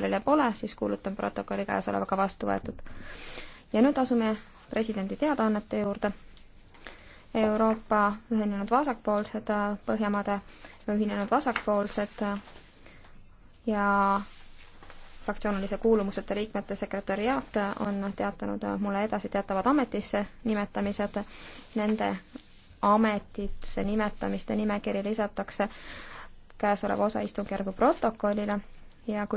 protokollile pole, siis kuulutan protokolli käesolevaga vastu võetud. ja nüüd asume presidendi teadaannete juurde. Euroopa Ühinenud Vasakpoolsed, Põhjamaade Ühinenud Vasakpoolsed ja fraktsioonilise kuulumuseta liikmete sekretäriaat on teatanud mulle edasi teatavad ametisse nimetamised. Nende ametisse nimetamiste nimekiri lisatakse käesoleva osa istungjärgu protokollile ja kui